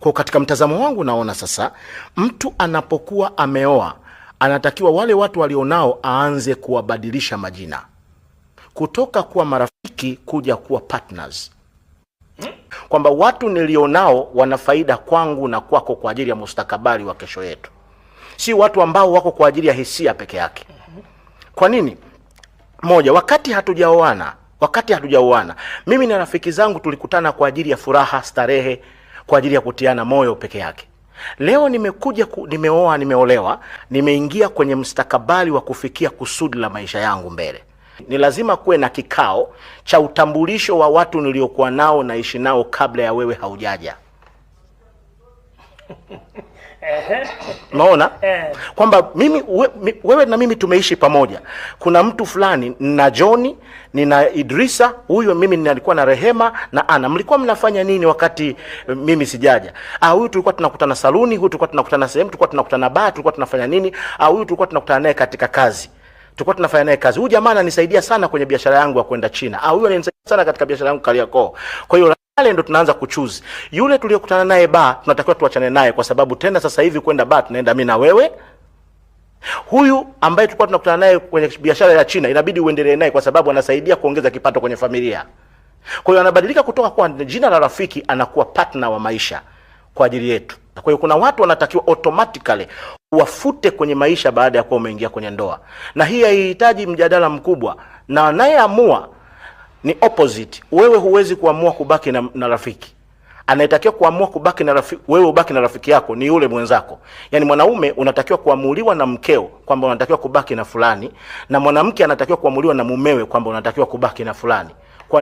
Kwa katika mtazamo wangu naona sasa mtu anapokuwa ameoa anatakiwa wale watu walionao aanze kuwabadilisha majina kutoka kuwa marafiki kuja kuwa partners, kwamba watu nilionao wana faida kwangu na kwako kwa ajili ya mustakabali wa kesho yetu, si watu ambao wako kwa ajili ya hisia peke yake. Kwa nini? Moja, wakati hatujaoana wakati hatujaoana mimi na rafiki zangu tulikutana kwa ajili ya furaha, starehe kwa ajili ya kutiana moyo peke yake. Leo nimekuja ku, nimeoa, nimeolewa, nimeingia kwenye mstakabali wa kufikia kusudi la maisha yangu mbele. Ni lazima kuwe na kikao cha utambulisho wa watu niliokuwa nao naishi nao kabla ya wewe haujaja. Unaona eh. kwamba mimi we, wewe na mimi tumeishi pamoja. Kuna mtu fulani nina joni nina Idrisa, huyo mimi nilikuwa na Rehema na Ana. Mlikuwa mnafanya nini wakati eh, mimi sijaja? Ah, huyu tulikuwa tunakutana saluni, huyu tulikuwa tunakutana sehemu, tulikuwa tunakutana baa, tulikuwa tunafanya nini? Ah, huyu tulikuwa tunakutana naye katika kazi tulikuwa tunafanya naye kazi. Huyu jamaa ananisaidia sana kwenye biashara yangu ya kwenda China. Ah, huyu ananisaidia sana katika biashara yangu Kariakoo. Kwa hiyo pale ndo tunaanza kuchuzi yule tuliyokutana naye ba, tunatakiwa tuachane naye, kwa sababu tena sasa hivi kwenda ba tunaenda mi na wewe. Huyu ambaye tulikuwa tunakutana naye kwenye biashara ya China inabidi uendelee naye, kwa sababu anasaidia kuongeza kipato kwenye familia. Kwa hiyo anabadilika kutoka kwa jina la rafiki, anakuwa partner wa maisha kwa ajili yetu. Kwa hiyo kuna watu wanatakiwa automatically wafute kwenye maisha baada ya kuwa umeingia kwenye ndoa, na hii haihitaji mjadala mkubwa, na anayeamua ni opposite. Wewe huwezi kuamua kubaki na, na rafiki anayetakiwa kuamua kubaki na rafiki, wewe ubaki na rafiki yako ni yule mwenzako. Yaani mwanaume unatakiwa kuamuliwa na mkeo kwamba unatakiwa kubaki na fulani, na mwanamke anatakiwa kuamuliwa na mumewe kwamba unatakiwa kubaki na fulani.